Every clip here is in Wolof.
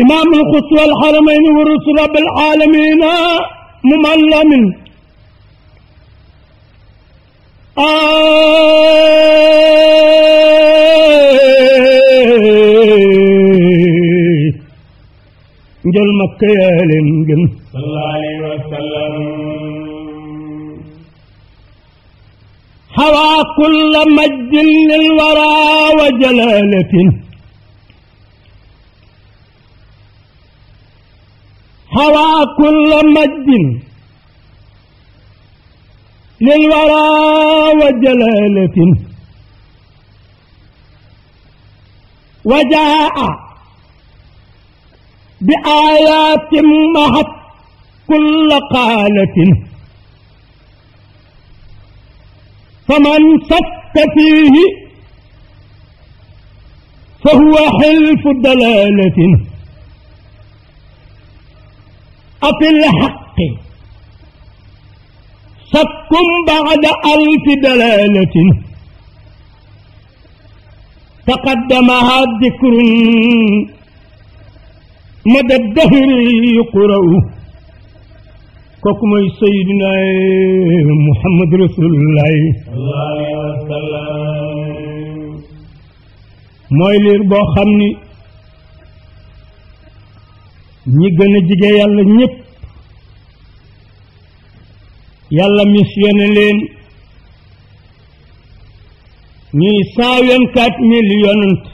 إمام القدس الحرمين ورسول رب العالمين مملم آه. جل مكة يا صلى الله عليه وسلم هوى كل مجد للورى وجلاله هوى كل مجد للورى وجلالة وجاء بآيات محت كل قالة فمن صدق فيه فهو حلف دلالة أفي الحق شك بعد ألف دلالة تقدمها ذكر مدى الدهر يقرأ kooku mooy sayyidina muhammad rasulullah sallallahu alayhi wa sallam mooy liir boo xam ni ñi gën a jige yàlla ñëpp yàlla missionné leen ñuy cent vingt-quatre mille yonent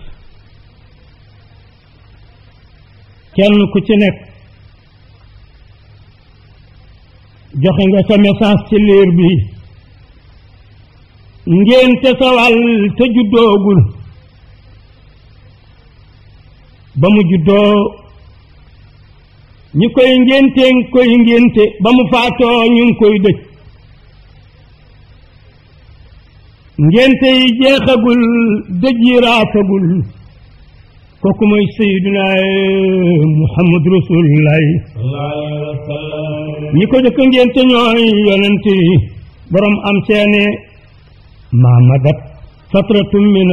kenn ku ci nekk joxe nga sa message ci liir bi ngeen te sa wàll te juddoogul ba mu juddoo ñi koy ngénte ngi koy ngénte ba mu faatoo ñu ngi koy dëj ngente yi jeexagul dëj yi raafagul kooku mooy sayyiduna muhammad rasulullahi ñi ko jëkk ngente ñooy yonent yi borom am seeni maamadat fatratun min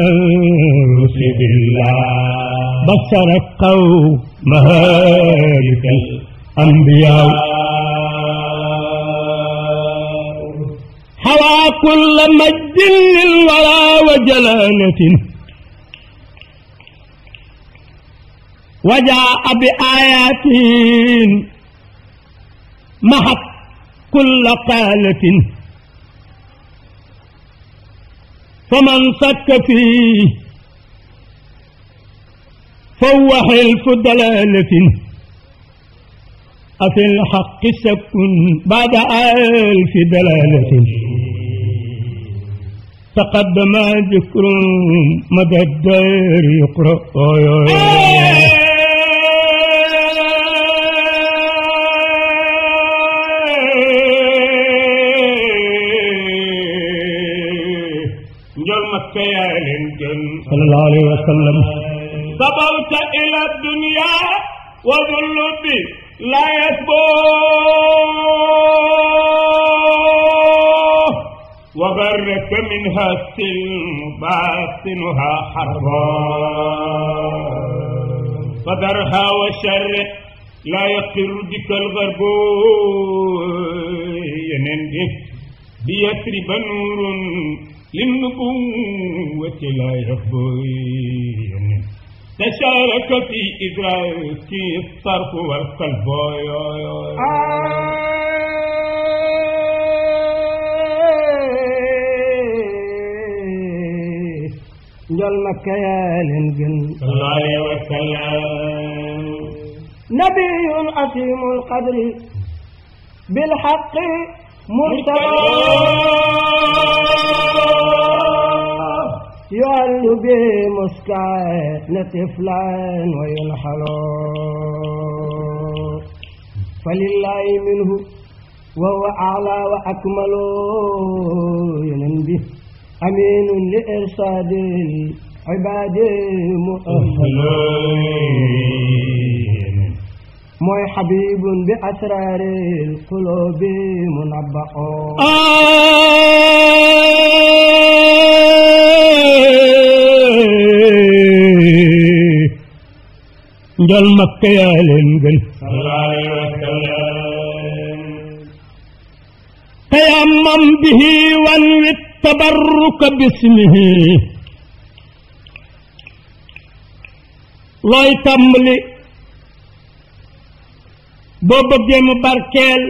rusulillah basara qaw mahaalikal anbiyaa هوى كل مجد للورى وجلالة وجاء بآيات محت كل قالة فمن صك فيه فهو حلف دلالة أفي الحق سك بعد ألف دلالة تقدم ذكر مدى الدير يقرأ صلى الله عليه وسلم صبرت إلى الدنيا وذلتي لا يسبوت وغرك منها السلم باطنها حربا فدرها وشر لا يقر بك الغرب ينندي بيثرب نور للنبوة لا يخبو تشارك في إدراك الصرف والقلب آه. لك يا للجن صلى الله عليه وسلم نبي عظيم القدر بالحق مرتضى يعل بمسكنة نتفلان وينحل فلله منه وهو أعلى وأكمل ينبه أمين لإرشاد عباد مؤمنين موي حبيب بأسرار القلوب منبأ آه. جل مكة يا لنجل صلى الله عليه وسلم تيمم به وانوي التبرك باسمه looy tàmbali boo bëggee mu barkeel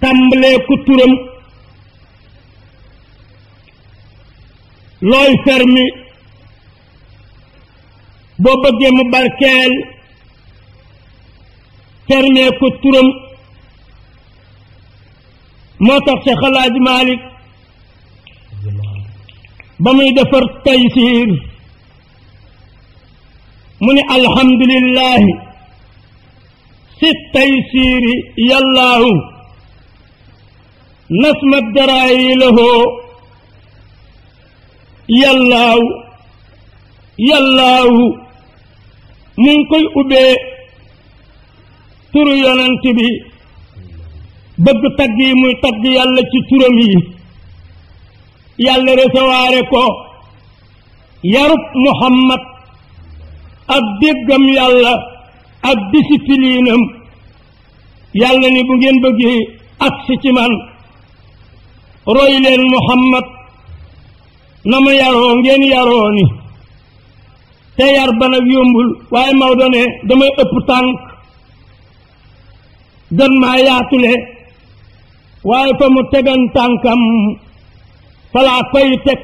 tàmbalee ku looy fermi boo bëggee barkeel fermee ko turam moo tax Seex Alaaji Maalik ba defar Taysiir mu ne alhamdulillahi si taysiiri yàllaahu nasmat daraayi lahoo yàllaahu yàllaahu mu koy ubbee turu yonent bi bëgg tagg muy tagg yàlla ci turam yi yàlla ko yarub muhammad ak déggam yàlla ak disciplinam yàlla ni bu ngeen bëggee agsi ci man roy muhammad na ma yaroo ngeen yaroo te yar ba nag waaye Maodo ne damay ëpp tànk gën maa yaatule waaye fa mu tegan tànkam falaa koy teg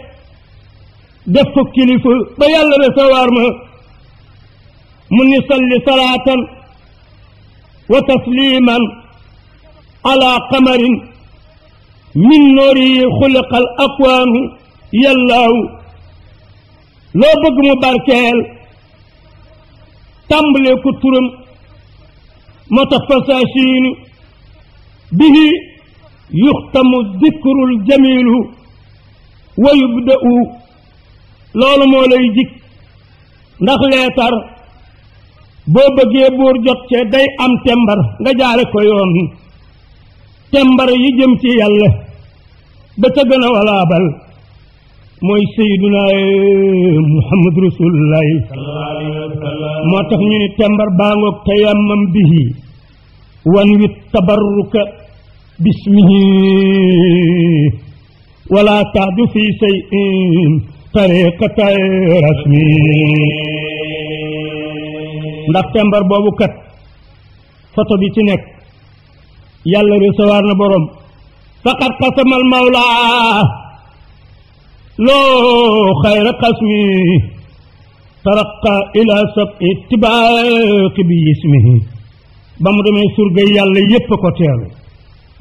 def ko kilifa ba yàlla recevoir ma من يصلي صلاة وتسليما على قمر من نوره خلق الأكوان يالله لو بغ مباركيل تملي كترم متفساشين به يختم الذكر الجميل ويبدأ لولو مولاي جيك ndax leetar boo bëggee buur jot cee day am tembar nga jaale ko yoon tembar yi jëm ci yàlla ba ca gën a walaabal mooy sayyiduna muhammad rasulullahi moo tax ñu ni tembar baa ngoog tayammam bihi wan wi tabarruka bismihi wala taadu fi sayin tariqata rasmi ndax tembar boobu kat photo bi ci nekk yàlla recevoir na borom faqad xasamal mawla loo xayra xasmi taraqa ila sabi tibaaqi bi ismihi ba mu demee surga yàlla yépp ko teelu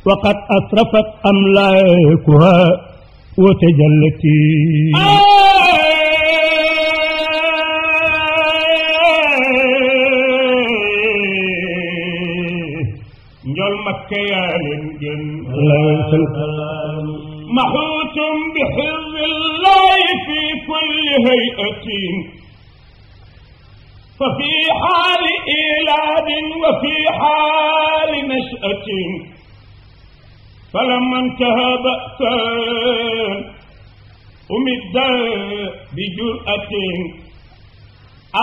wa qad asrafat amlaakuha wa tajallati مكة يا محوت بحفظ الله في كل هيئة ففي حال إيلاد وفي حال نشأة فلما انتهى بأسا أمد بجرأة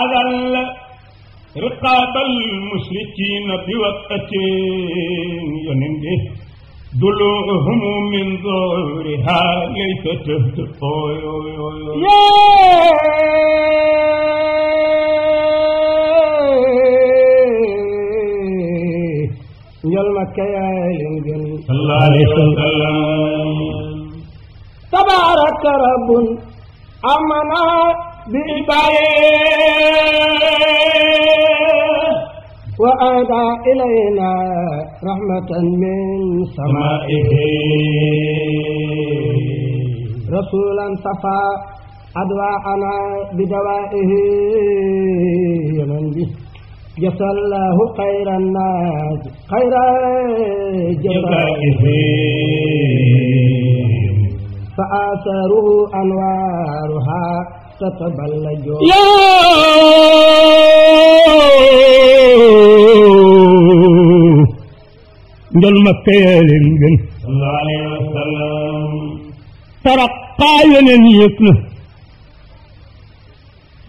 أذل وسلم मुसि رب امنا अमना وأهدى إلينا رحمة من سمائه رسولا صفى أدواءنا بدوائه يمن الله خير الناس خير جزائه فآثاره أنوارها yow njol makka yaa leen gën sallallahu alayhi wa sallam taraqaa yeneen yëg na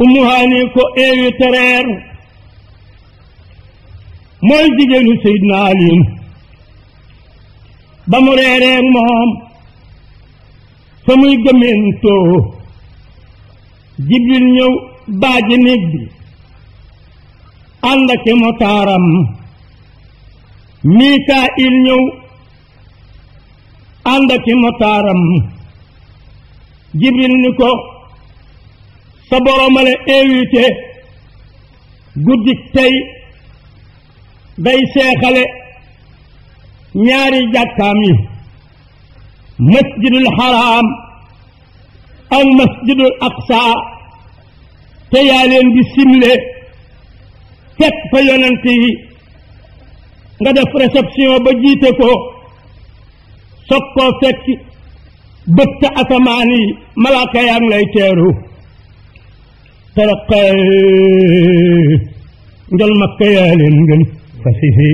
umu haani ko invité reer mooy jigéenu Seydina Aliyu ba mu reereer moom fa muy gëmentoo jibril ñëw baaji néeg bi ànd ak motaaram mikaayil ñëw ànd ak motaaram jibril ni ko sa boromale invité guddik tey day seexale ñaari jàkkaam yi masjidul xaraam al masjidul aqsa te ya len di simle fet fa yonent yi nga def réception ba jité ko sokko fekk bëtt asamaan yi malaaka yaa ngi lay teeru tarqa ngal makka yaa leen ngën fasihi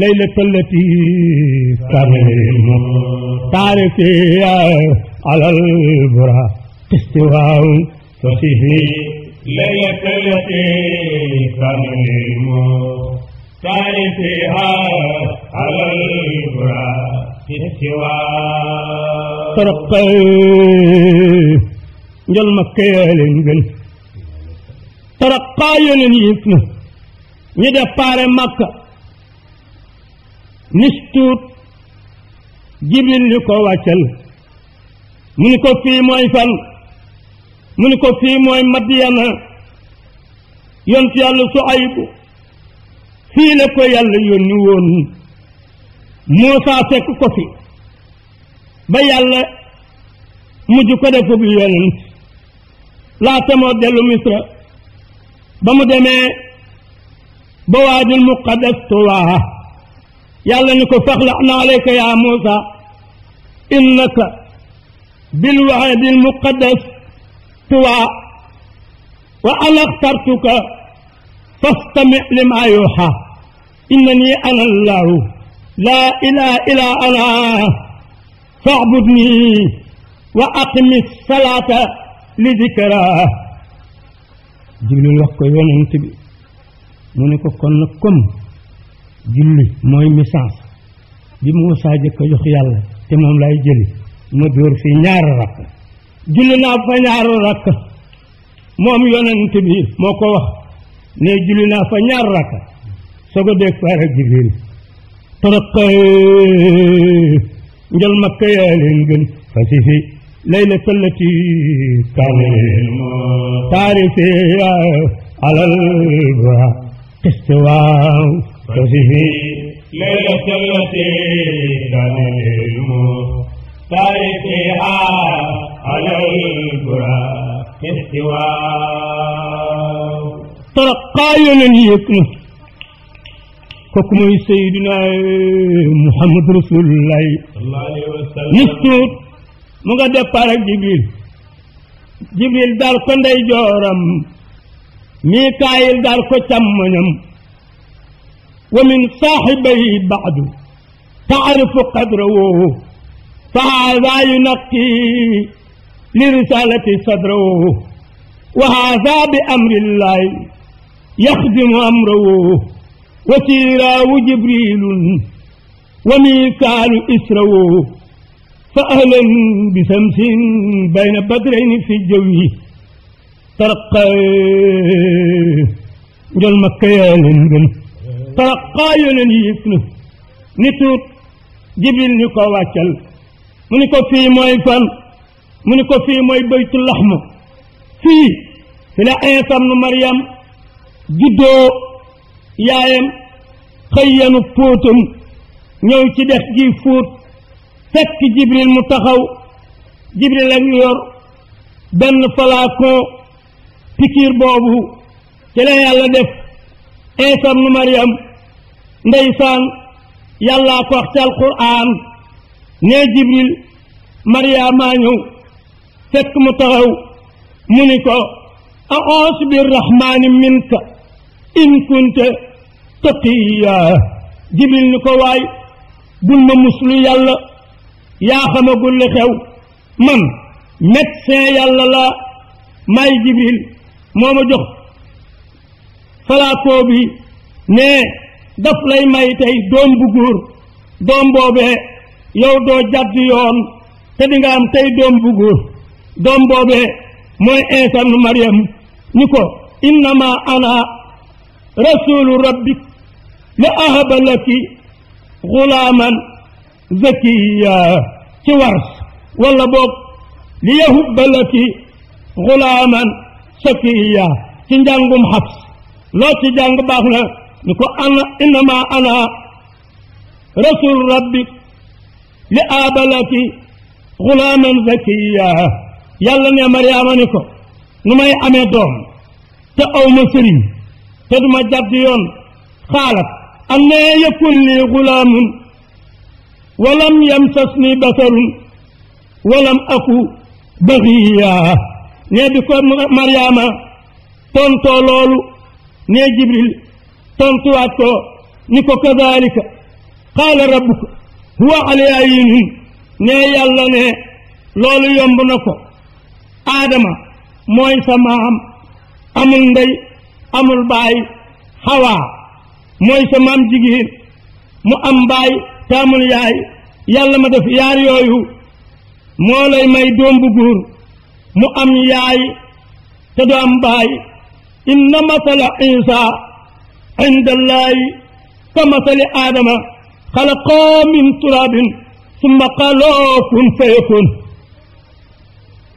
laylatal lati kamalil muxtaarifi yaa alal bura istiwau sosihi leya kelete kamimu tari siha alal bura istiwau terkai jal makkele ngel terkai yonin yifnu nyede pare makka nistut jibril liko wacal mu ni ko fii mooy fan mu ni ko fii mooy Madiyana yontu yàlla Suaybu fii la ko yàlla yónni woon Muusaa fekk ko fi ba yàlla mujj ko def bu yonent laata moo dellu Misra ba mu demee ba waadil muqaddas Tuwaa yàlla ni ko faxla' naa alayka yaa Muusaa innaka بالوعد المقدس طوى وأنا اخترتك فاستمع لما يوحى إنني أنا الله لا إله إلا أنا فاعبدني وأقم الصلاة لذكرى جبل الوقت يونان تبي منكو كنكم جلي موي ميساس بموسى Moussa يخيال a لا يجلي ma si fi ñaar rakk julli naa fa ñaar rakk moom yonent bi moo ko wax ne julli naa fa ñaar rakk soog a dégg faar ak jigéen torok njël makka yaa leen gën fa lele fi layla sallati kaane سرتها على القرى استواء ترقايون يكن حكم سيدنا محمد رسول الله صلى الله عليه وسلم نستور مغا دبار جبريل جبريل دار كو ndey joram ميكائيل دار كو chamanam ومن صاحبه بعد تعرف قدره فهذا ينقي لرسالة صدره وهذا بأمر الله يخدم أمره وسيراه جبريل وميكال إسره فأهلا بشمس بين بدرين في الجو ترقى جل مكة يا ترقى يلن يفنه نتوت جبريل نقواتل mu ni ko fii mooy fan mu ni ko fii mooy baytu laxm fii fi la insa nu mariam juddoo yaayam xëyyanu póotam ñëw ci dex gi fóot fekk jibril mu taxaw jibril ak yor benn falaakon pikiir boobu ci la yàlla def insa nu mariam ndeysaan yàllaa ko wax ci alquran nee jibril mariyaamaa ñëw fekk mu taxaw mu ni ko a oos bi rahmaani minka in kunte taqiya jibril ni ko waay bul ma muslu yàlla yaa xamagul li xew man médecin yàlla laa maay jibril moo ma jox falaakoo bi ne daf lay may tey doom bu góor yow doo jàdd yoon te di tey doom bu doom boobee mooy Iisa nu Maryam ni ko innama ana rasulu rabbik la ahaba laki xulaaman zakiya ci wars wala boog li yahubba laki xulaaman zakiya ci njàngum xabs loo ci jàng baax na ni ko ana ana rasul rabbik li aabalaki xulaaman zakiya yàlla ne mariama ni ko nu may amee doom te aw ma sëriñ te duma jàdd yoon xaalat an na yakun lii xulaamun walam yamsasni basarun walam aku baxiya ne bi ko mariama tontoo loolu ne jibril tontuwaat ko ni ko kadalika qaala rabbuka huwa alayhim ne yàlla ne loolu yomb na ko aadama mooy sa maam amul ndey amul baay xawaa mooy sa maam jigéen am baay te amul yaay ma def yaar yooyu moo lay may doom bu góor am yaay te du am baay inna masala isa inda ka masali aadama xalaqa min turabin summa qaala kun fayakun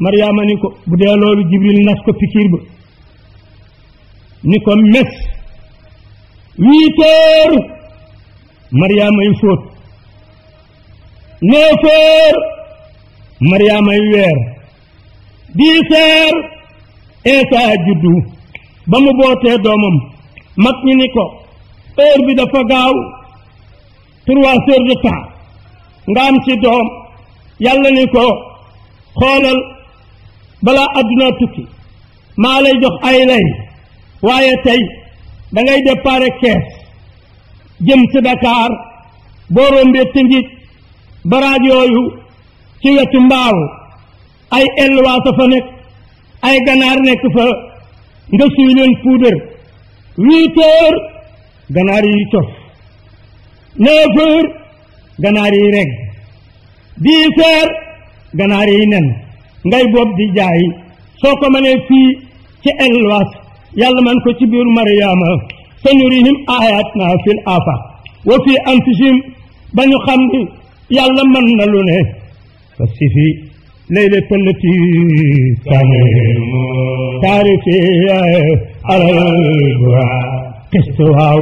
maryaama ni ko bu dee loolu jibril nas ko pikiir ba ni ko mes huit heures maryaamay fóot neuf heures maryaamay weer dix heures eesaa juddu ba mu bootee doomam mag ñi ni ko heure bi dafa gaaw trois heures de temps nga am ci doom yàlla ni ko xoolal balaa adduna tukki maa lay jox ay lay waaye tey dangay ngay déparé kees jëm ci Dakar boo rombee Tingit baraaj yooyu ci wetu mbaaw ay elwaa fa nekk ay ganaar nekk fa nga suy leen puudar ganaar yi neuf heures ganaar yi reg dix heures ganaar yi nen ngay di jaay soo ko mënee fii ci elwas yàlla man ko ci biir mariama sanurihim ayatna fil afaq wa fi anfusihim ba ñu xam ni yàlla mën na lu ne fa sifi laylatal lati kaanu qistu waaw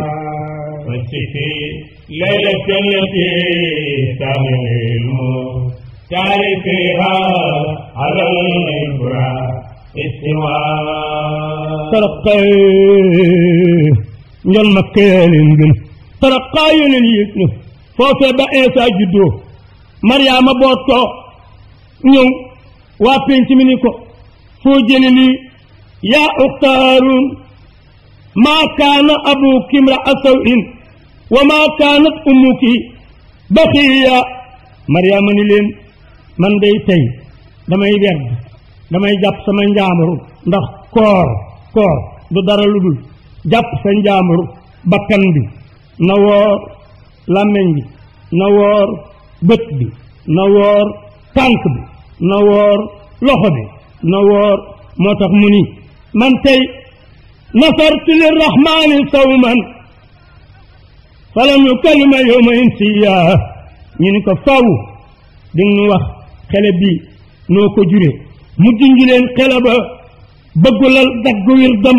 ليلة التي تعلم تعرفها على الإبرة استواء ترقي njol makka yenen gën taraqa yenen yëg na foofee ba insa juddoo waa penc mi ni yaa uxta maa kaana abu kimra asawin wa maa kaanat ummuki baqiya mariama ni leen man day tey damay werd damay jàpp sama njaamuru ndax koor koor du dara lu dul jàpp sa njaamuru bakkan bi na woor làmmiñ bi na bët bi na tànk bi na loxo bi na woor mu ni man tey nasartu lirrahmaani sawman falam yu kalima yowma insiya ñu ni ko faw di ñu wax xele bi noo ko jure mu junj xele ba bëggulal dagg wirdam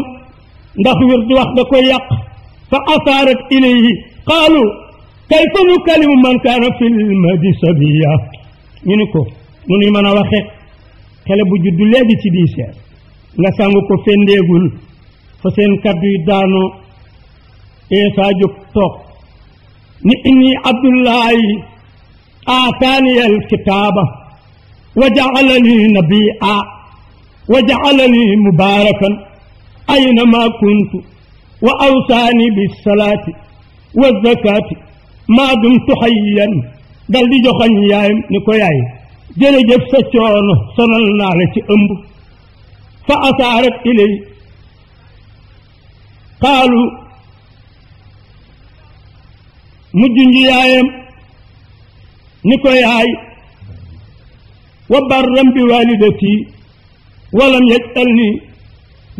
ndax wird wax da ko yàq fa asaarat ilayhi qaalu kayfa nu kalimu man kaana fi lmadi sabiya ñu ni ko nu nuy mën waxe xele bu juddu léegi ci bii seer nga sàngu ko fendeegul fa seen kàddu yi daanoo eesaa jóg toog إني عبد الله آتاني الكتاب وجعلني نبيا وجعلني مباركا أينما كنت وأوصاني بالصلاة والزكاة ما دمت حيا dal di joxañ yaayam ni ko yaay jërëjëf sa coono sonal naa la ci إلي قالوا mu junj yaayam ni ko yaay wa barram bi walidati walam yajal ni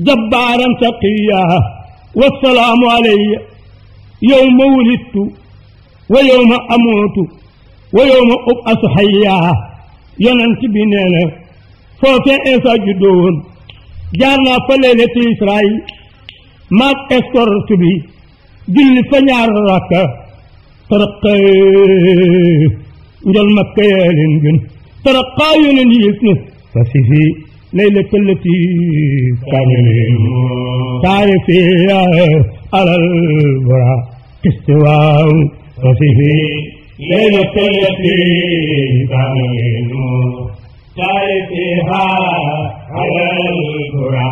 jabbaaran taqiya wassalaamu alayya yowma wulidtu wa yowma amuutu wa yowma ubasu hayyaa yonent bi nee na foofee Insa juddoo woon jaar fa leelati Israaïl maag escorte bi julli fa ñaar ترقي njal makka yaa leen gën taraqaa yoneen yées na fa si fi laylata lati kaamilin taarifiya alal wara istiwaaw fa si fi laylata lati kaamilin taarifiha alal wara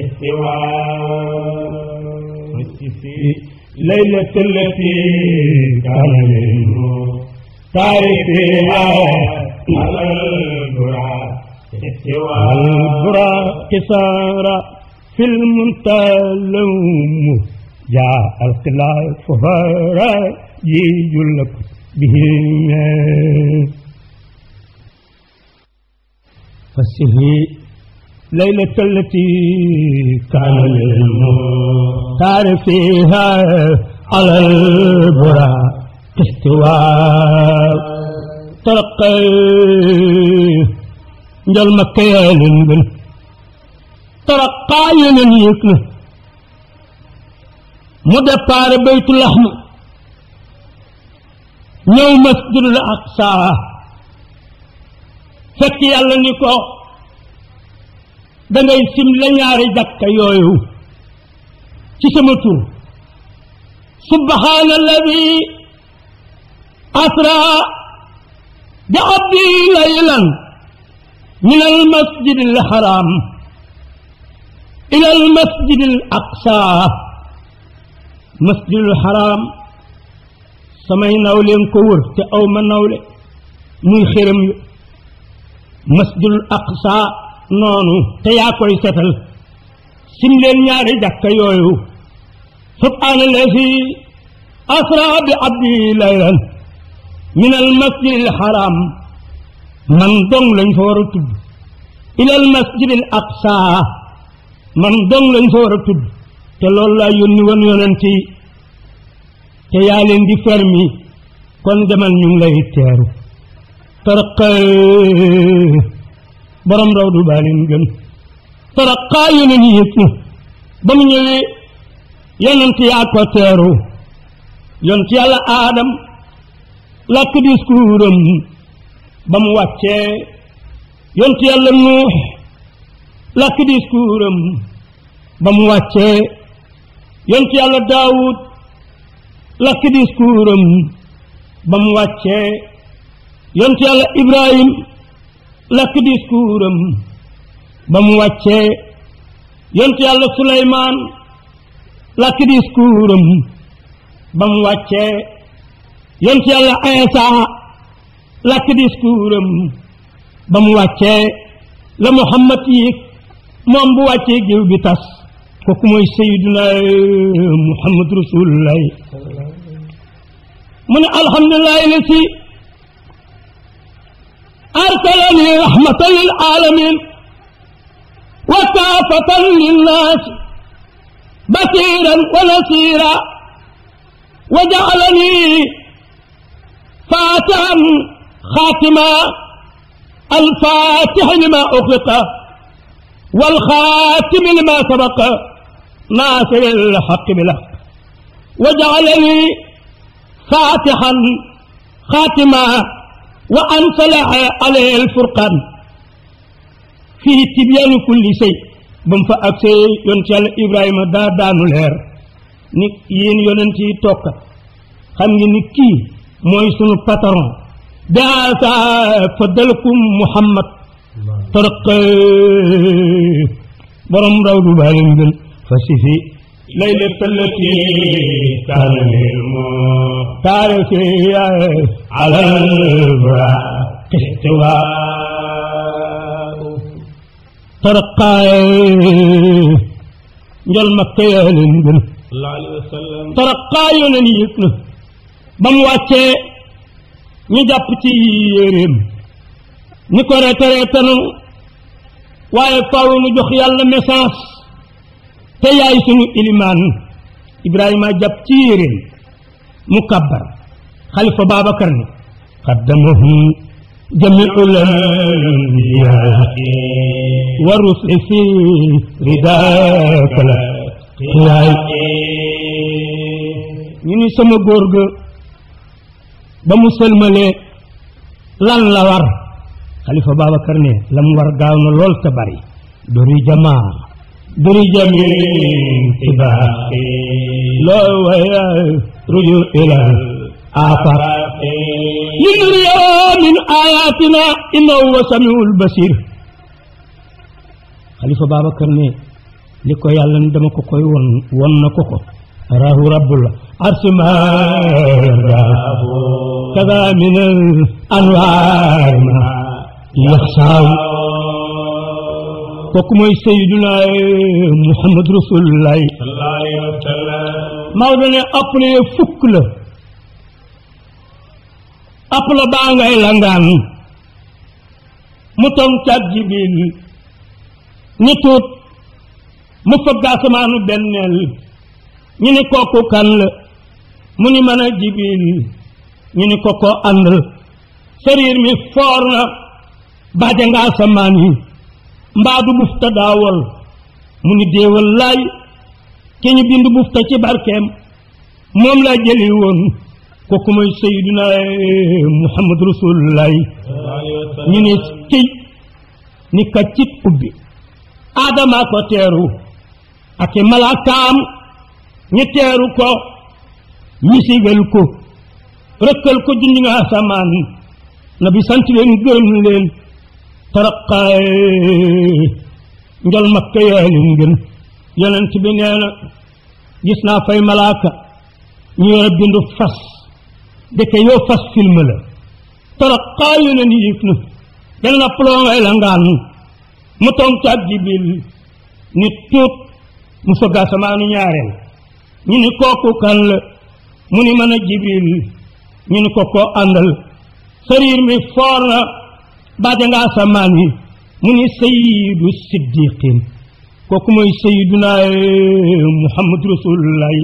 istiwaaw fa si fi लैल बुरा के सारा फिल्म असल सी झुल فسهي ليلة التي كان المختار فيها على البراق استواء ترقي جل مكيا لنبل ترقى من يكنه مدفار بيت اللحم ñëw مسجد الأقصى فكي الله نكو da ngay sim la ñaari jàkka yooyu ci sama tur subhana alladi asra bi abdi laylan min almasjid alharam ila almasjid alaqsa masjid alharam samay nawleen ko wër te aw ma nawle muy xëram yu masjid alaqsa noonu te yaa koy setal sim leen ñaari jàkka yooyu subhaana allazi asra bi abdi laylan min al masjidil man dong lañ fa war a tudd ila al masjidil man dong lañ fa war a tudd te loolu laa yónni woon yonent yi te yaa leen di fermi kon demal ñu ngi lay teeru tarqay borom raw du baa leen gën saraqaa yeneen yëpp ba mu ñëwee yonent yaa ko teeru yonent yàlla aadam làkk ba mu wàccee yonent yàlla nuux làkk discours ba mu wàccee yonent yàlla daawud lakk discours am ba mu wàccee yonent yàlla ibrahim lakk discours am ba mu wàccee yontu yàlla suleymaan lakk discours am ba mu wàccee yontu yàlla Iisaa lakk discours am ba mu wàccee la Muhammad yi moom bu wàccee géew gi tas kooku mooy sayyiduna Muhammad rasulullah mu ne alhamdulillahi la si أرسلني رحمة للعالمين وكافة للناس بصيرا ونصيرا وجعلني فاتحا خاتما الفاتح لما أغلق والخاتم لما سبق ناصر الحق بالحق وجعلني فاتحا خاتما وأنزل عليه الفرقان في تبيان كل شيء بم فأكسي ينتال إبراهيم دا دانو الهر يين يننتي توقع خمي نكي مويسون الباترون دا فضلكم محمد ترقي برم رو دوبالي فسيفي तराए जल मिली लाल तरकीत बम वी न को रहनि वाऊं जो ख़याल न मेसास te yaay suñu iliman ibrahima jab ciirin mu kabbar khalifa babakar ni qaddamahum jami'ul anbiya'i wa rusul fi ridakala yaay ñu ni sama góor ga ba mu lan la war khalifa babakar ne lam war gaaw na ta bari dori jamaa برجميع انتباهي لو يرجو إلى آفاق لنري من آياتنا إنه هو سميع البصير خليفة بابا كرني li ko yàlla ni dama ko koy won won na ko ko rahu rabbul arsima kada min al anwar ma yaxsaaw kooku mooy sayyiduna eh, Muhammad Rasulullah sallallahu alayhi wa sallam Maodo fukk la appelé baa ngay langaan mu toog caag Jibril ñu tuut mu fëgg asamaanu benneel ñu ne kooku kan la mu ni mën a Jibril ko ko àndal sariir mi foor na baaje nga asamaan yi mbaadu bufta daawol mu ni déewal laay ke ñu bind bufta ci barkeem moom laa jëli woon kooku mooy sayyiduna muhammad rasulullah ñu ne cëy ni kaccit ubbi aadamaa teeru ak malaakaam ñu teeru ko misigal ko rëkkal ko junj nga na bi gërëm leen taraqaay njol makka yaalim gën yonent gis naa fay malaaka ñu yore bindu fas dëkke yow fas film la taraqaay yonen yiif na dana na ploongay la mu tontu ak jibil ni tuut mu fëgg asamaanu ñaareel ñu ni kooku kan la mu ni mën a jibil ni ko koo sariir mi foor baaje nga asamaan yi mu ni sayidu siddiqin kooku mooy sayiduna eh, muhammad rasulullahi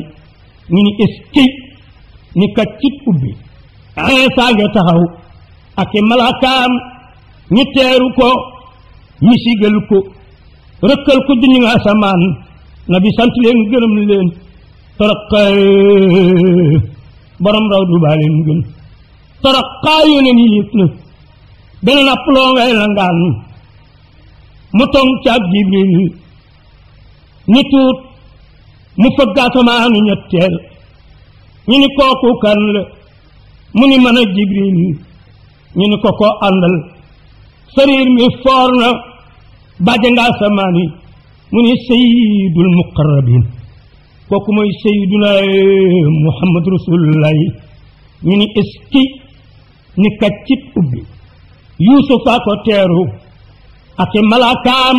ñu ni eskey ni kat cib ubbi Iisaa nga taxaw ak i malaakaam ñu teeru ko ñi sigal ko rëkkal ko duni nga asamaan na bi sant leen gërëm leen taraqa eh, borom raw du baa leen gën taraqaa yóneen yi yëpp na dana nappaloo ngay langaan mu tong caab jibril ni tuut mu fëgg asamaanu ñetteel ñu ni kooku kan la mu ni mën a jibril ñu ni ko ko àndal sariir mi foor na bàjje nga asamaan mu ni sayidul muqarrabin kooku mooy sayiduna muhammad rasulullah ñu ni iski ni kaccit ubbi yuusufa ko teeru ak malaakaam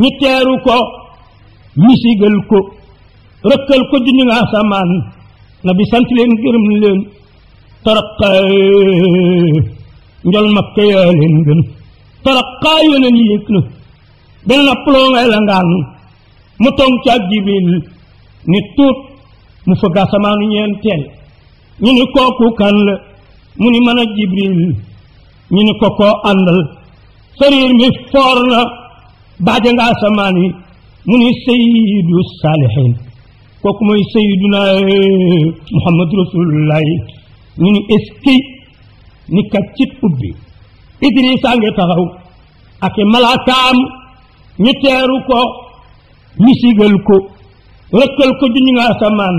ñu teeru ko misigal ko rëkkal ko junni nga asamaan na bi sant leen gërëm leen taraqaa njol makka yaa leen gën taraqaa yonen yéeg na benn ploo ngay la ngaan mu tong ca jibil ni tuut mu fëgg asamaanu ñeenteel ñu ni kooku kan la mu ni mën jibril ñu ne ko koo àndal sariir mi foor na baaje nga asamaan yi mu ni sayidu saalihin kooku mooy sayiduna muhammad rasulullahi ñu ni eski ni kaccit ubbi idrisa ngi taxaw ak malaakaam ñu teeru ko ñu sigal ko rëkkal ko juñu nga asamaan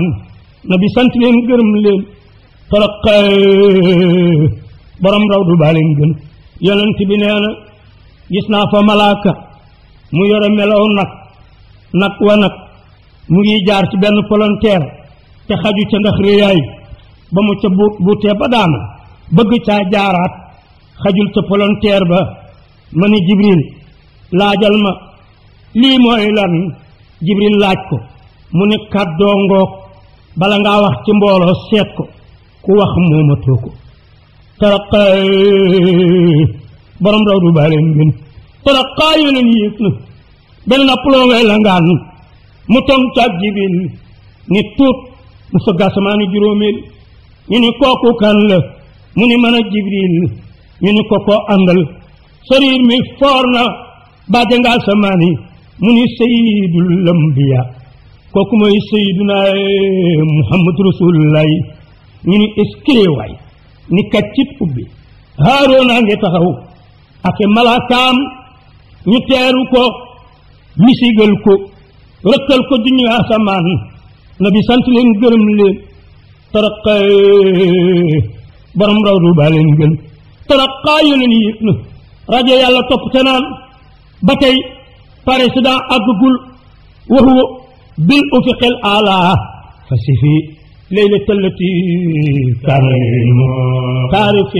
na bi sant leen gërëm leen talaqa borom raw du baaleen gën yonent bi nee na gis naa fa malaaka mu yore melow nag nag wa nag mu ngi jaar ci benn volontaire te xaju ca ndax réyaay ba mu ca buut buutee ba daanu bëgg ca jaaraat xajul ca volontaire ba ma ni jibril laajal ma lii mooy lan jibril laaj ko mu ni kàddoo ngoog bala nga wax ci mbooloo seet ko ku wax moomatoo ko taraqaay borom raw du bàyyi leen gën taraqaay yu leen na benn nappaloo ngay langaan mu tom caag jibil ni tuut mu sëgg asamaan ni juróomeel ñu ni kan la mu ni mën a jibril ko ko àndal sariir mi foor na bàjja nga mu ni sayidul lambiya kooku mooy sayiduna muhammad rasulullah ñu ni eskee waay ni kaccit ubbi haaroona ngi taxaw ak malaakaam ñu teeru ko misigal ko rëkkal ko junni asamaan na bi sant leen gërëm leen taraqay borom raw du baa leen gën taraqaa yoneen yëpp na rajo yàlla topp te naan ba tey président àggagul waxu bil ufiqil ala fasifi ليلة التي كريم تعرف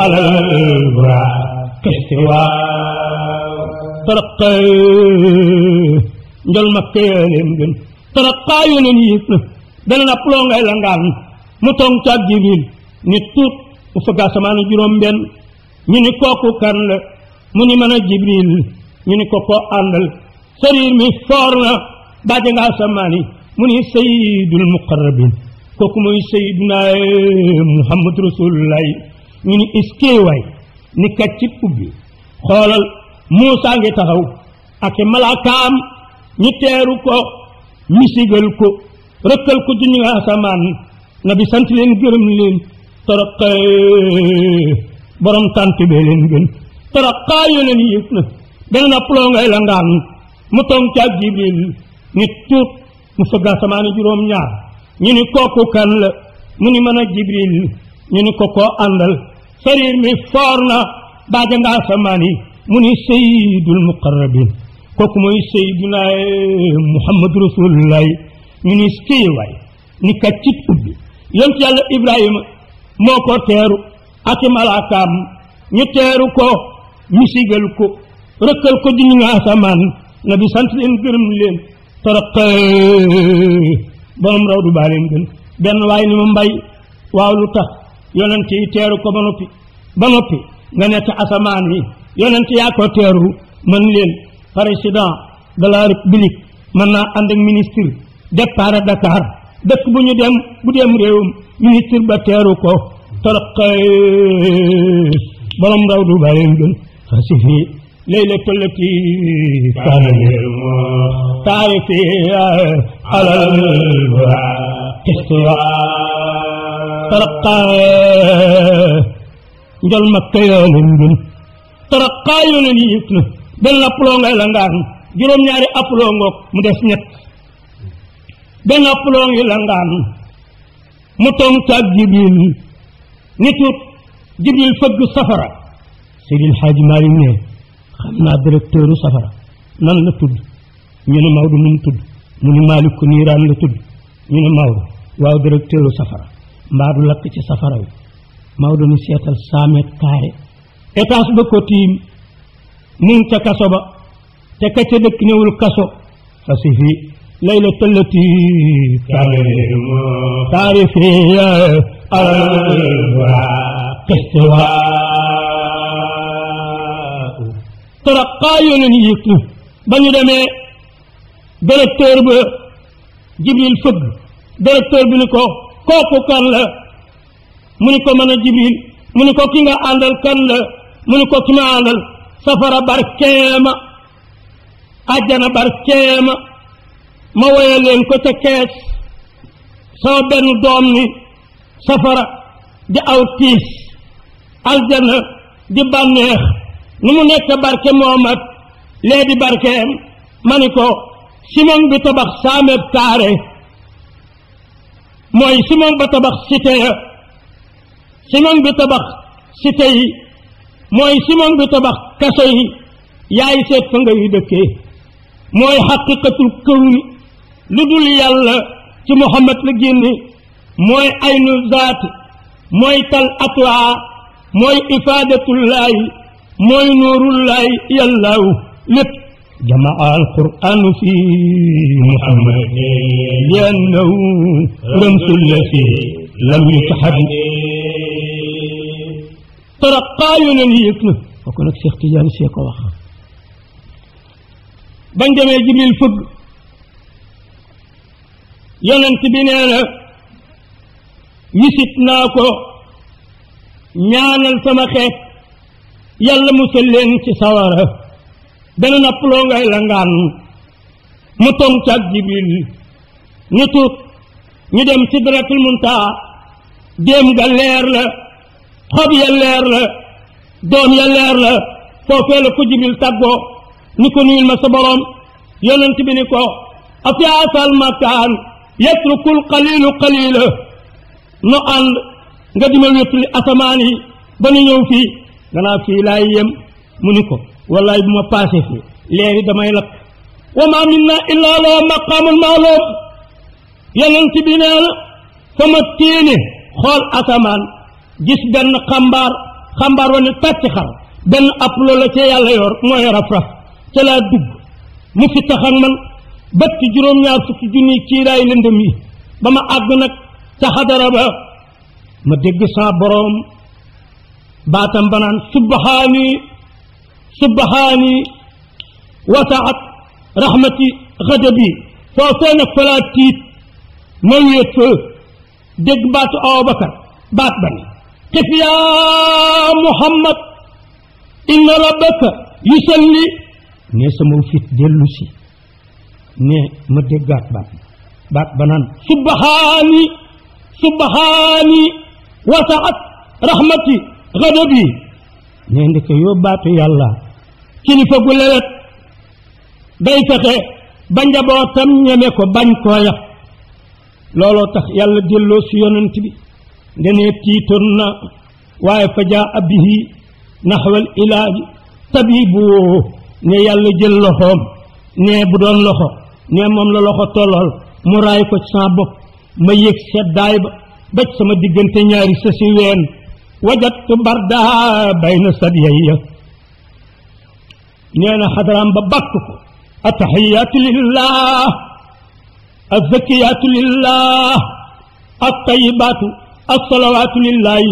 على البراك استواء ترقى njol makke leen gën taraqa yo leen yëg na dana na ploo ngay mu toog caag jibril ni tuut u fëgg asamaan juróom benn ñu ni kooku kan la mu ni mën jibril ñu ni ko ko àndal mi foor na bàjje nga yi mu ni sayyidul muqarrabin kooku moy sayyiduna eh, muhammad rasulullah ñu ni way ni kaccit ubbi xolal musa ngi taxaw ak malaakaam ñu teru ko misigal ko rekkal ko jinni nabi sant leen leen eh, borom tanti be leen gën ben na plo ngay la mu jibril nit mu fëgg asamaani juróom-ñaar ñu ni kooku kan la mu ni mën a jibril ñu ni ko koo àndal sariir mi foor na baaja nga asamaan yi mu ni sayidul muqarrabin kooku mooy sayiduna muhammad rasulullahi ñu ni kii waay ni kat cit ubbi yonent yàlla moo ko teeru ak malaakaam ñu teeru ko ñu sigal ko rëkkal ko di ñu nga na bi sant leen gërëm torop borom raw du baaleen gën benn waaye ni ma mbay waaw lu tax yonent yi teeru ko ba noppi ba noppi nga nekk asamaan yi yonent yaa ko teeru man leen président de la république mën naa ànd ak ministre départ à Dakar dëkk bu ñu dem bu dem réewum ministre ba teeru ko torop borom raw du baaleen gën xasi fii ليلة التي كان تعرفي على الكسوة ترقى جل مكة يولن ترقى يولن يكن بل أبلون لنغان جروم ناري أبلون مدس نت بل أبلون لنغان متوم تاك جبين نتوت جبين فج سفرة سيد الحاج مالي xam naa directeuru safara nan la tudd ñu ne Maodo nu mu tudd mu ne Malick niiraan la tudd ñu ne Maodo waaw directeuru safara mbaa du lakk ci safara wi Maodo ni seetal cent mètres carrés ba ko tiim mu ngi ca kaso ba te ka ca dëkk ñëwul kaso fasi fi laylatallati taarifiya alwa qistiwa taraqa yoo leen yëkku ba ñu demee directeur ba jibril fëgg directeur bi ni ko kooku kan la mu ni ko mën a jibril mu ni ko ki nga àndal kan la mu ni ko ki ma àndal safara barkeema àjjana barkeema ma woye ko ca kees sama benn doom ni safara di aw aljana di bànneex nu mu nekk barke moomat lee di barkeem ni ko simon bi tabax saameeb kaare mooy simon ba tabax cité ya simon bi tabax cité yi mooy simon bi tabax kaso yi yaay seet fa ngay dëkkee mooy xaqiqatul kawni lu dul yàlla ci muhammad la génne mooy aynu zaat mooy tal atwaa mooy ifaadatullaahi mooy nuurullahi yàllaahu lépp jamaa alquranu fi muhammad liannahu ramsullati lam yutaxad taraqaa yoneen yëg na kooku nag Cheikh Tidiane Sy ko wax bañ demee jibril fëgg yonent bi nee na wisit naa ko ñaanal sama xeet yàlla musal leen ci sawara benn nappaloo ngay langaan mu tontu ak jibril ñu dem ci muntaha déem ga leer la xob ya leer la doom ya leer la foofee la ko jibril tàggoo ni ko nuyul ma sa boroom yonent bi ni ko afi asal makaan yatrukul qalilu qalila nu ànd nga dima wéttuli asamaan yi ba nu ñëw danaa fi lay yem muniko wallahi buma passé fi léri damay lak wa ma minna illa la maqamul ma'lum yonent bina la na tini khol téene gis ben xambaar xambaar woni ne tàcc ben ap lo la ci yàlla yor moy raf-raf ci la dug mu fi taxan man batti juróom-ñaar fukki junni kiiraay lëndëm yi bama ag nak nag ba ma dégg sa borom باتم بنان سبحاني سبحاني وسعت رحمتي غدبي فوسونا فلاتي مويت دق بات او بكر بات بني كيف يا محمد ان ربك يصلي نسمو فيت ديلوسي ني ما دغات بات بات بنان سبحاني سبحاني وسعت رحمتي xadab yi nee ndeke yoo yàlla kilifa gu lewet day fexe ba njabootam ñeme ko bañ koo yàq looloo tax yàlla delloo si yonent bi ndenee tiitoon na waaye fa jaa abihi naxwal ilaaji tabibu ne yàlla jël loxoom ne bu doon loxo ne moom la loxo tollool mu raay ko ci bopp ma yëg seddaay ba ba sama diggante ñaari sësi ween وجدت بردا بين ثديي نينا حضران ببكك التحيات لله الزكيات لله الطيبات الصلوات لله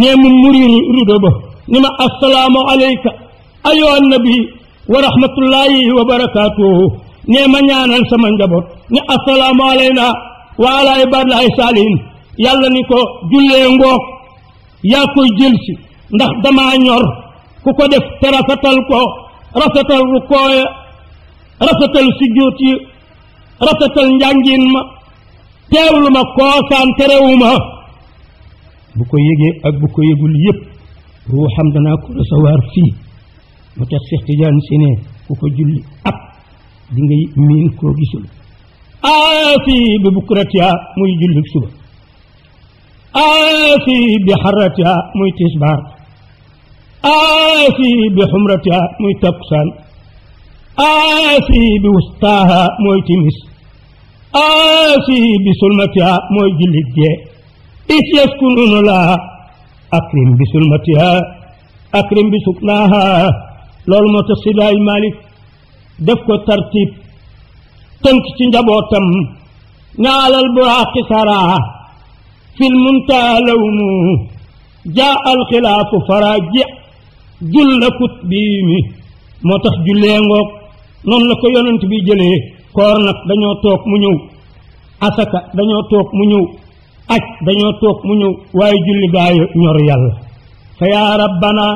نعم مرير ردوبه نما السلام عليك أيها النبي ورحمة الله وبركاته نعم نانا سمن جبر السلام علينا وعلى عباد الله سالين يلا نكو جلين بوك yaa koy jël si ndax damaa ñor ku ko def te rafetal ko rafetal rukooya rafetal sujjóot yi rafetal njàngin ma teewlu ma kookaan terewu ma bu ko yëgee ak bu ko yëgul yépp ruuxam danaa ko recevoir fii moo tax Cheikh Tidiane si ne ku ko julli ab di ngay miin koo gisul aasi bi bukratiya muy julli suba aasi bi xarratiha muy tisbaar aasi bi xumratiha muy takkusaan aasi bi wustaaha mooy timis aasi bi sulmatiha mooy jullit gee is yaskunuuna laha akrim bi sulmatiha akrim bi suknaaha loolu moo tax sidaay Malik def ko tartib tënk ci njabootam ñaalal buraaqi saraa في المنتهى لونه جاء الخلاف فراجع جل كتبيمي motax julle ngok non la ko yonent bi jëlé koor nak dañoo toog mu ñëw asaka dañoo toog mu ñëw aj dañoo toog mu ñëw waaye julli gaayo ñor yàlla fa yaa rabbana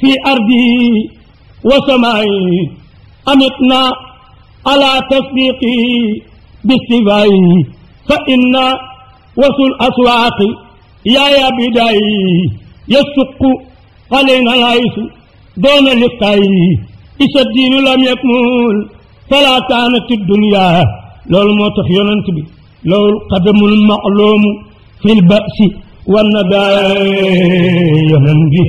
fi ardihi wa samaayi amitna ala tasdiqi bistifaayi fa inna وصل أسواق يا يا بداي يسق علينا العيس دون لقاي إذا الدين لم يكمل فلا كانت الدنيا لو الموتخ بي لو القدم المعلوم في البأس والنداء ينبي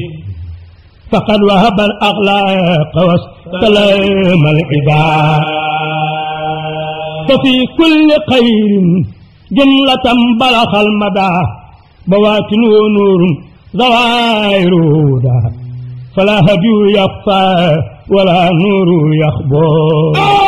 فقد وهب الأغلاق واستلم العباد ففي كل خير جملة بلغ المدى بواتن نور ظواهر هدى فلا هجو يخفى ولا نور يخبو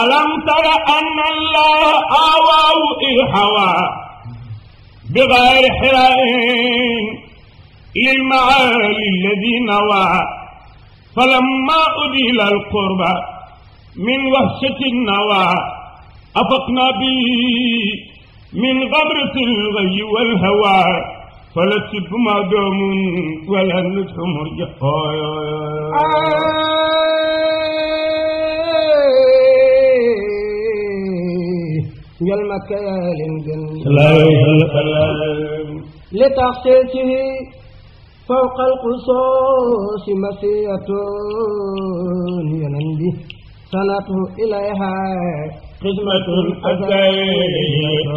ألم تر أن الله آواه إحواه بغير حرائم للمعالي الذي نوى فلما أديل القربى من وحشة النوى أفقنا به من غبرة الغي والهوى فلا تب ما دوم ولا ندح مرجحا آه. يل مكيال الجن لا لتحصيلته فوق القصوص مسيئة ينندي سنته إليها قسمة أدائية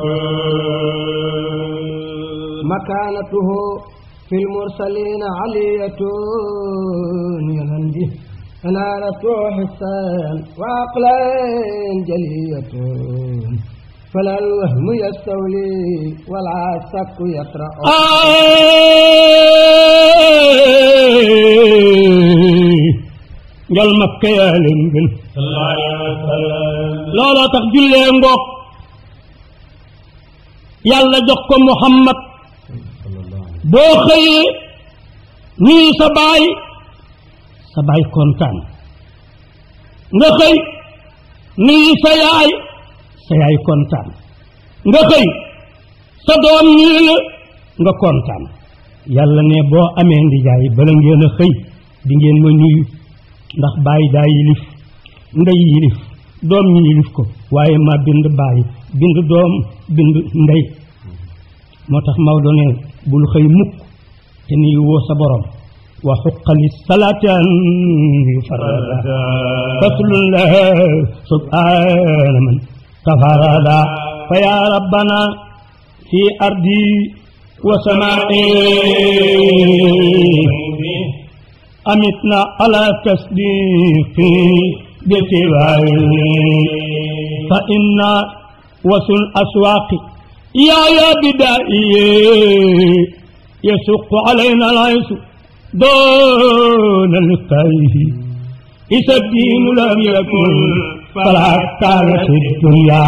مكانته في المرسلين علية ينندي أنا رتوح حسان وعقلين جلية فلا الوهم يستولي ولا يقرأ آه. قال مكة يا أهل صلى الله عليه وسلم لا لا تخجل لي أنبوك يالا جوكو محمد بوخي ني سباي سباي كونتان نخي ني سياي sa yaay kontaan nga xëy sa doom nii nga kontaan yàlla ne boo amee ndijaay bala ngeen a xëy di ngeen ma nuyu ndax bàyyi daa yilif ndey yilif doom ñu yilif ko waaye ma bind bàyyi bind doom bind ndey moo tax Maodo ne bul xëy mukk te ni woo sa boroom wa xuqa li salaatan farada تفردا فيا ربنا في أرضي وسمائي أمتنا على تصديقي بسواي فإنا وسل أسواق يا يا بدائي يسق علينا العيس دون الكيه إذا الدين لم يكن त सिया